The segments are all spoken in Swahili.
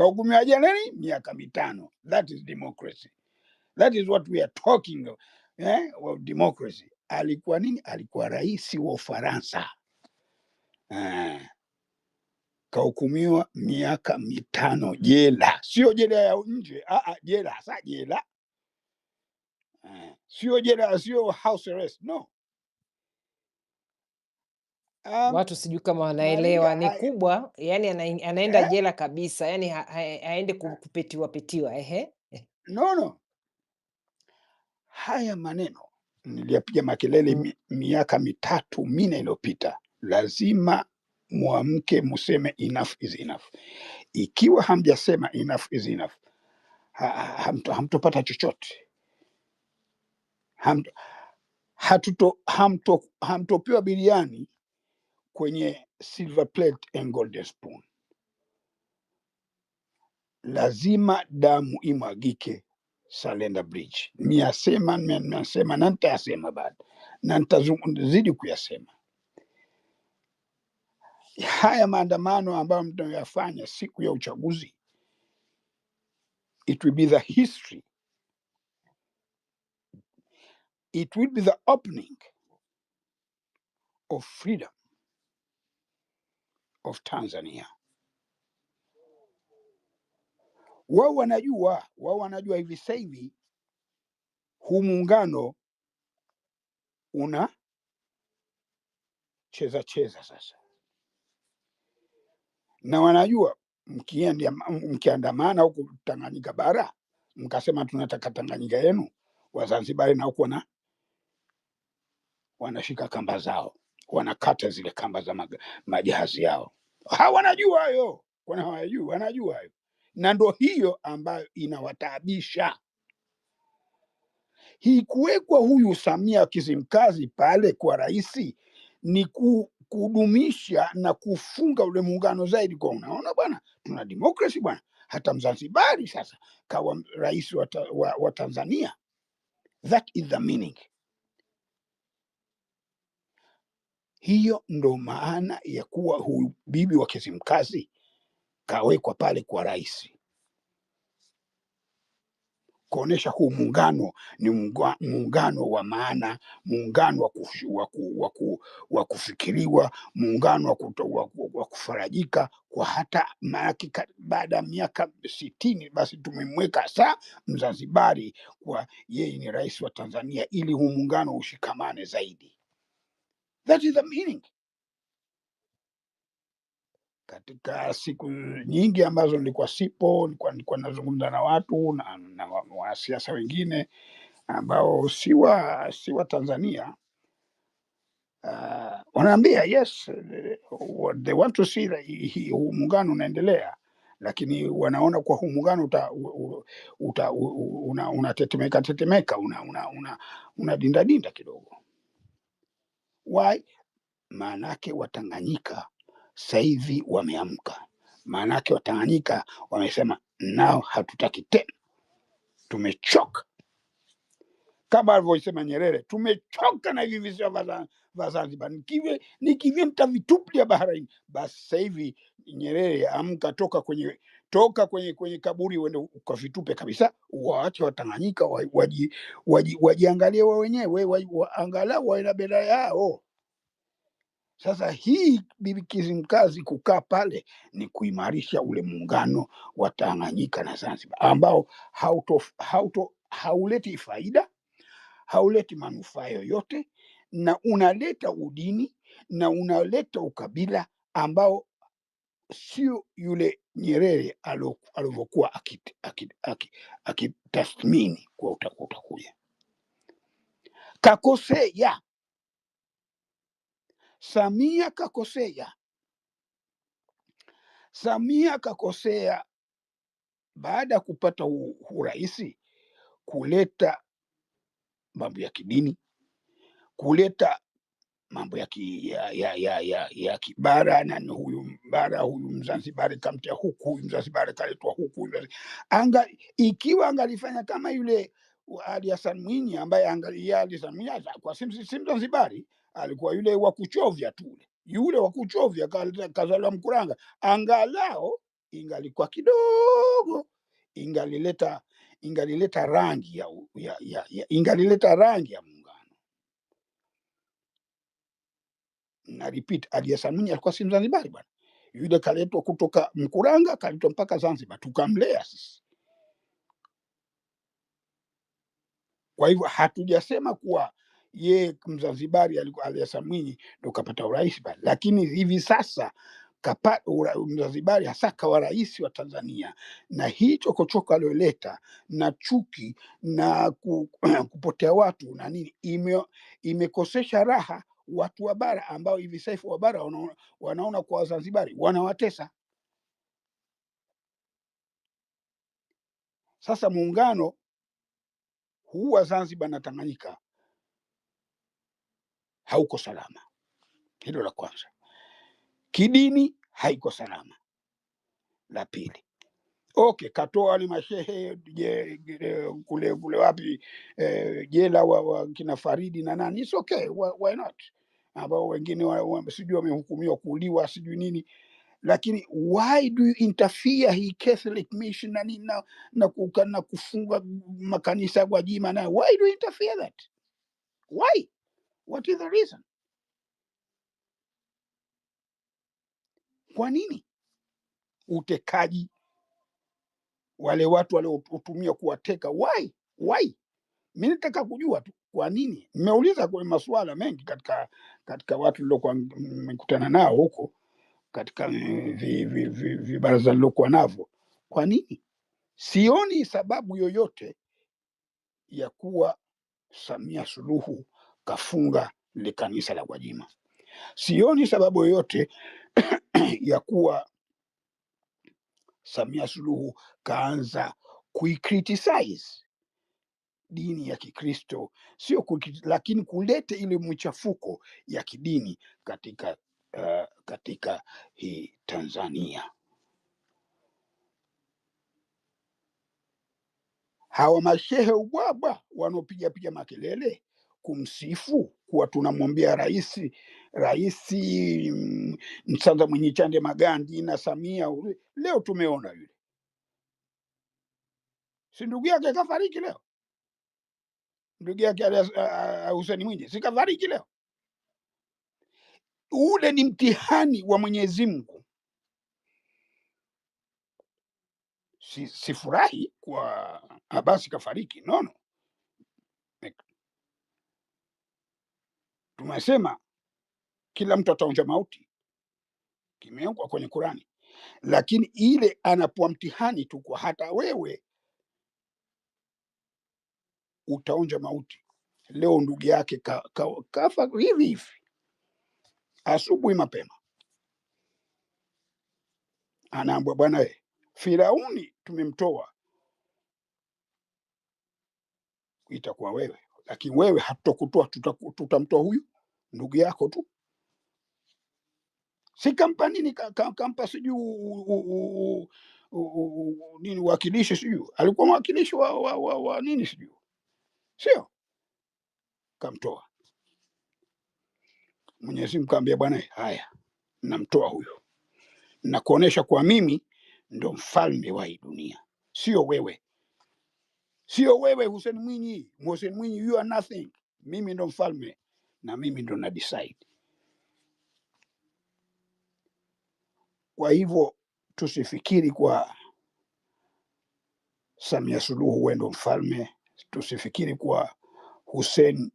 kahukumiwa jela nini, miaka mitano. That is democracy, that is what we are talking of, eh, of democracy. Alikuwa nini? Alikuwa rais wa Ufaransa eh, Kahukumiwa miaka mitano jela, sio jela ya nje, jela sa jela, eh, sio jela, sio house arrest, no Um, Watu sijui kama wanaelewa, ni kubwa, yani ana- anaenda eh? jela kabisa, yani ha, ha, haendi kupetiwa petiwa. Ehe, eh. No, no, haya maneno niliyapiga makelele mm. miaka mitatu mine iliyopita. Lazima mwamke, museme enough is enough. Ikiwa hamjasema enough is enough, ha, ha- hamto, hamtopata chochote hamto, hatuto, hamto, biriani kwenye eh. silver plate and golden spoon. Lazima damu imwagike Selander Bridge. niyasema nimeyasema na nitayasema bado na nitazidi kuyasema. Haya maandamano ambayo mnayoyafanya siku ya uchaguzi, it will be the history, it will be the opening of freedom of Tanzania. Wao wanajua, wao wanajua hivi sasa hivi huu muungano una cheza cheza sasa, na wanajua mkiandamana huku Tanganyika bara mkasema tunataka Tanganyika yenu, Wazanzibari na huku wana wanashika kamba zao wanakata zile kamba za majahazi yao. Hawanajua hayo, wana hawayajui wanajua hayo, na ndo hiyo ambayo inawataabisha hii kuwekwa huyu Samia Kizimkazi pale kwa rahisi ni ku, kudumisha na kufunga ule muungano zaidi. Kwa unaona bwana, tuna demokrasi bwana. Hata Mzanzibari sasa kawa rais wa, wa, wa Tanzania. That is the meaning. Hiyo ndo maana ya kuwa huyu bibi wa Kizimkazi kawekwa pale kwa rais, kuonesha huu muungano ni muungano wa maana, muungano wa kufikiriwa, muungano wa wa wa kufarajika kwa hata maanake, baada ya miaka sitini basi tumemweka saa Mzanzibari kwa yeye ni rais wa Tanzania, ili huu muungano ushikamane zaidi. That is the meaning. Katika siku nyingi ambazo nilikuwa sipo, nilikuwa nilikuwa nazungumza na watu na, na wanasiasa wengine ambao si wa si wa Tanzania uh, ah, wanaambia yes, they want to see huu muungano unaendelea, lakini wanaona kwa huu muungano uta, uta, una, una tetemeka una, una, una, una dinda dinda kidogo. Why? Maanake Watanganyika sasa hivi wameamka, maanake Watanganyika wamesema nao hatutaki tena, tumechoka. Kama alivyosema Nyerere, tumechoka na hivi visiwa vya Zanzibar, nikivyemta vituplia baharini. Basi sasa hivi Nyerere amka, toka kwenye toka kwenye kwenye kaburi uende ukavitupe kabisa, waache Watanganyika wajiangalie waji, waji wenyewe wa, wa, angalau wawe na bendera yao. Sasa hii Bibi Kizimkazi kukaa pale ni kuimarisha ule muungano wa Tanganyika na Zanzibar ambao hauto, hauto, hauleti faida, hauleti manufaa yoyote, na unaleta udini na unaleta ukabila ambao sio yule Nyerere alivyokuwa akitathmini kuwa utakuja kakosea, Samia kakosea, Samia kakosea baada ya kupata uraisi kuleta mambo ya kidini, kuleta mambo ya, ki, ya, ya, ya, ya, ya kibara nani huyu baada ya huyu Mzanzibari kamtia huku, huyu Mzanzibari kaletwa huku. Anga, ikiwa angalifanya kama yule Ali Hassan Mwinyi ambaye angalia Ali Hassan Mwinyi kwa si Mzanzibari, alikuwa yule wa kuchovya tu, yule wa kuchovya kazaliwa Mkuranga, angalao ingalikuwa kidogo ingalileta ingalileta rangi ya, ya, ya, ya ingalileta rangi ya muungano. Na repeat, Ali Hassan Mwinyi alikuwa si Mzanzibari bwana yule kaletwa kutoka Mkuranga, kaletwa mpaka Zanzibar, tukamlea sisi. Kwa hivyo hatujasema kuwa ye Mzanzibari Aliasa Mwinyi ndo kapata urais pale, lakini hivi sasa kapa, ura, Mzanzibari hasa kawa rais wa Tanzania, na hii chokochoko aliyoleta na chuki na ku, kupotea watu na nini ime, imekosesha raha watu wa bara ambao hivi sasa wa bara wanaona, kwa Wazanzibari wanawatesa. Sasa muungano huu wa Zanzibar na Tanganyika hauko salama, hilo la kwanza. Kidini haiko salama, la pili. Okay, katoa wale mashehe kule kule wapi, eh, jela wa, wa kina Faridi na nani, it's okay, why not? ambao wengine sijui wamehukumiwa kuuliwa sijui nini, lakini why do you interfere hii Catholic mission na nini na, na, na kufunga makanisa kwa jima nayo, why do you interfere that why what is the reason? Kwa nini utekaji wale watu waliotumia kuwateka why why Mi nataka kujua tu kwa nini. Nimeuliza kwenye masuala mengi katika katika watu niliokuwa mekutana nao huko katika vibaraza liliokuwa niliokuwa navyo, kwa nini sioni sababu yoyote ya kuwa Samia Suluhu kafunga le kanisa la Gwajima. Sioni sababu yoyote ya kuwa Samia Suluhu kaanza kuicriticize dini ya Kikristo sio lakini kulete ile mchafuko ya kidini katika, uh, katika hii Tanzania. Hawa mashehe ubwabwa wanaopiga piga makelele kumsifu kuwa tunamwambia rais rais Msanza mm, mwenye chande Magandi na Samia ule. Leo tumeona yule si ndugu yake kafariki leo ndugu yake Hussein Mwinyi sikafariki leo. Ule ni mtihani wa Mwenyezi Mungu. Si, sifurahi kwa Abasi kafariki nono. Tumesema kila mtu ataonja mauti, kimeekwa kwenye qurani lakini ile anapoa mtihani tu kwa hata wewe utaonja mauti. Leo ndugu yake ka, ka, kafa hivi hivi asubuhi mapema, anaambwa bwana, e, Firauni tumemtoa, itakuwa wewe, lakini wewe hatutakutoa, tutamtoa huyu ndugu yako tu si kampa nini, kampa sijui nini, wakilishi sijui, alikuwa mwakilishi wa, wa, wa, wa nini sijui sio? Kamtoa Mwenyezi Mungu, kaambia bwana, haya namtoa huyo na kuonesha kwa mimi ndo mfalme wa hii dunia, sio wewe, sio wewe Hussein Mwinyi. Hussein Mwinyi, you are nothing. Mimi ndo mfalme na mimi ndo na decide. Kwa hivyo tusifikiri kwa Samia Suluhu wewe ndo mfalme tusifikiri kuwa Hussein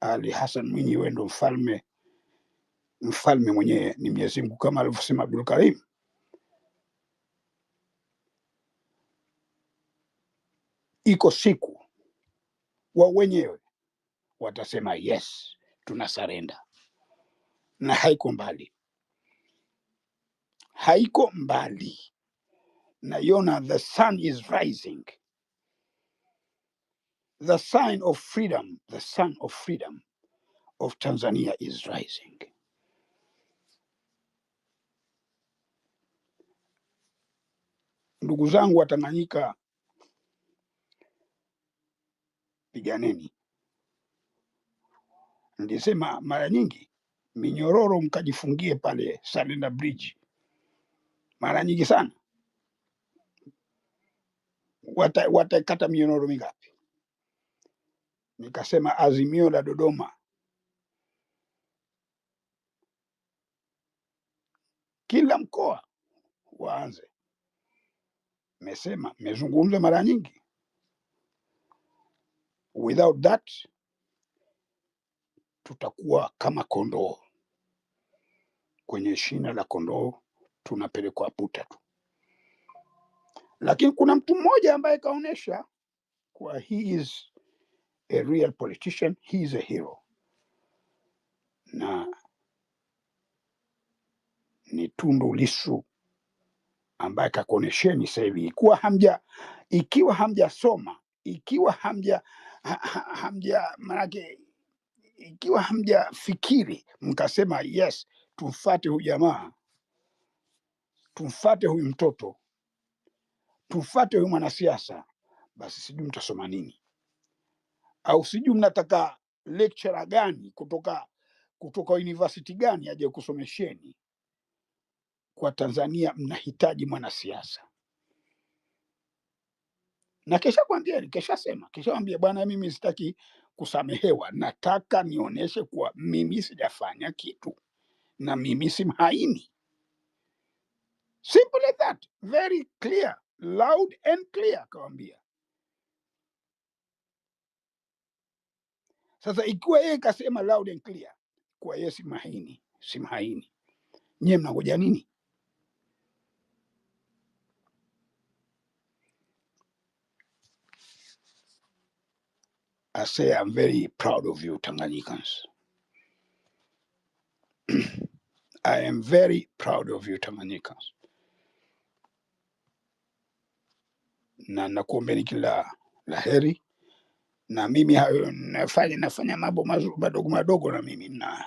Ali Hassan Mwinyi wewe ndo mfalme. Mfalme mwenyewe ni Mwenyezi Mungu kama alivyosema Abdul Karim. Iko siku wao wenyewe watasema yes, tuna sarenda, na haiko mbali, haiko mbali. Naiona the sun is rising The sign of freedom, the sun of freedom of Tanzania is rising. Ndugu zangu wa Tanganyika, piganeni. Nilisema mara nyingi, minyororo mkajifungie pale Salenda Bridge mara nyingi sana. Watakata wata minyororo mingapi? nikasema Azimio la Dodoma. Kila mkoa waanze, mesema mezungumza mara nyingi. Without that tutakuwa kama kondoo kwenye shina la kondoo, tunapelekwa puta tu. Lakini kuna mtu mmoja ambaye kaonyesha kuwa he is a real politician, he is a hero, na ni Tundu Lissu ambaye kakuonesheni sasa hivi, ikiwa hamja ikiwa hamjasoma ikiwa hamja ha, ha, hamja manake ikiwa hamjafikiri mkasema yes, tumfate huyu jamaa, tumfate huyu mtoto, tumfate huyu mwanasiasa, basi sijui mtasoma nini au sijui mnataka lecturer gani kutoka kutoka university gani aje kusomesheni kwa Tanzania mnahitaji mwanasiasa. Na kesha kwambieni, kesha sema, bwana, mimi sitaki kusamehewa, nataka nionyeshe kuwa mimi sijafanya kitu na mimi si mhaini. Simple like that, very clear, loud and clear, kawambia Sasa ikiwa yeye kasema loud and clear kwa yeye si mahaini, si mahaini, nyie mnangoja nini? I say I'm very proud of you Tanganyikans. I am very proud of you Tanganyikans, na nakuombeni kila la heri na mimi hayo nafanya nafanya mambo mazuri madogo madogo, na mimi na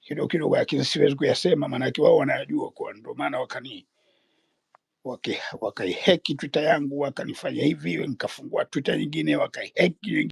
kidogo kidogo, lakini siwezi kuyasema, maanake wao wanayajua, kwa ndio maana wakani wakaiheki Twitter yangu wakanifanya hivi, nikafungua Twitter nyingine wakaiheki